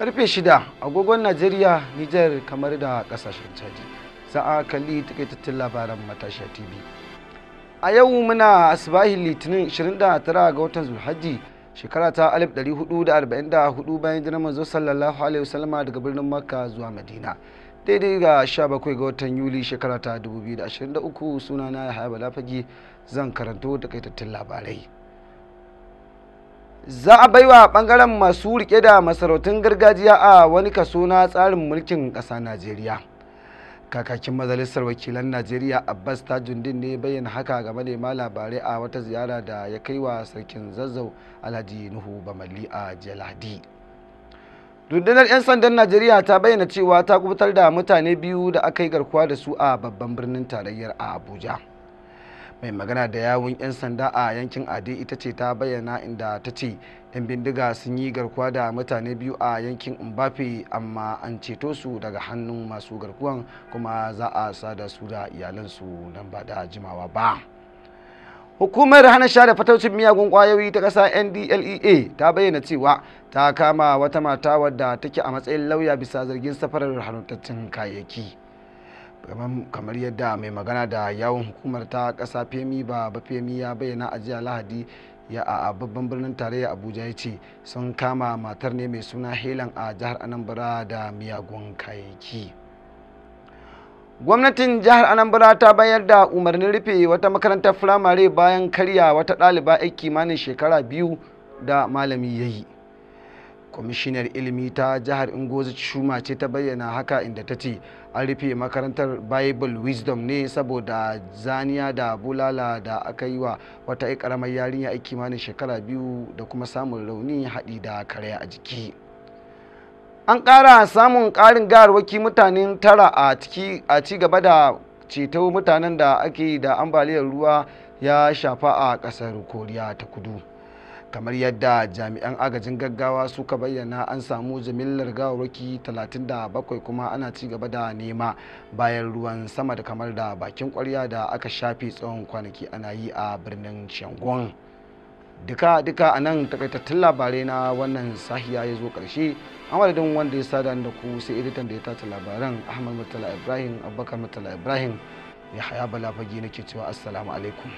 karfe shida agogon najeriya nijar kamar da kasashen caji za a kalli takaitattun labaran matashiya tv a yau muna asibahin litinin 29 ga watan zulhaji shekara ta 1444 bayan jiran manzo sallallahu alaihi wasallama daga birnin makka zuwa madina daidai ga 17 ga watan yuli shekara ta 2023 sunana ya haya balafagi zan karanto takaitattun labarai za a baiwa bangaren masu rike da masarautun gargajiya a wani kaso na tsarin mulkin ƙasa najeriya kakakin majalisar wakilan najeriya abbas tajundin ne bayyana haka ga manema labarai a wata ziyara da ya kai wa sarkin zazzau alhaji nuhu bamalli a jaladi rundunar 'yan sandan najeriya ta bayyana cewa ta kubutar da mutane biyu da aka yi garkuwa da su a babban birnin tarayyar a abuja mai magana da yawun 'yan sanda a yankin ade ita ce ta bayyana inda ta ce 'yan bindiga sun yi garkuwa da mutane biyu a yankin mbafe amma an ceto su daga hannun masu garkuwan kuma za a da su da iyalansu nan ba da jimawa ba hukumar hana da fataucin miyagun kwayoyi ta ƙasa ndlea ta bayyana cewa ta kama wata mata wadda take a matsayin lauya bisa zargin safarar haramtattun kayayyaki kamar yadda mai magana da yawon hukumar ta kasa femi ba ba femi ya bayyana a jiya lahadi ya a babban birnin tarayya abuja ya ce sun kama matar ne mai suna helan a jihar anambra da miyagun kayayyaki gwamnatin jihar anambra ta bayar da umarnin rufe wata makarantar firamare bayan karya wata ɗaliba 'yan kimanin shekara biyu da malami ya yi kwamishinar ilimi ta jihar ingozi shuma ce ta bayyana haka inda ta ce an rufe makarantar bible wisdom ne saboda zaniya da bulala da aka yi wa wata karamar yarinya a kimanin shekara biyu da kuma samun rauni haɗi da karya a jiki an ƙara samun ƙarin garwaki mutanen tara a ci gaba da ceto mutanen da ake da ambaliyar ruwa ya shafa a ƙasar koriya ta kudu kamar yadda jami'an agajin gaggawa suka bayyana an samu jimillar gawarwaki 37 kuma ana ci gaba da nema bayan ruwan sama da kamar da bakin kwarya da aka shafe tsawon kwanaki ana yi a birnin shangon duka duka a nan takaitattun labarai na wannan sahiya ya zo karshe an wadadin wanda ya sada da ku sai editan da ya tace labaran ahmad murtala ibrahim abubakar murtala ibrahim ya haya bala fage nake cewa assalamu alaikum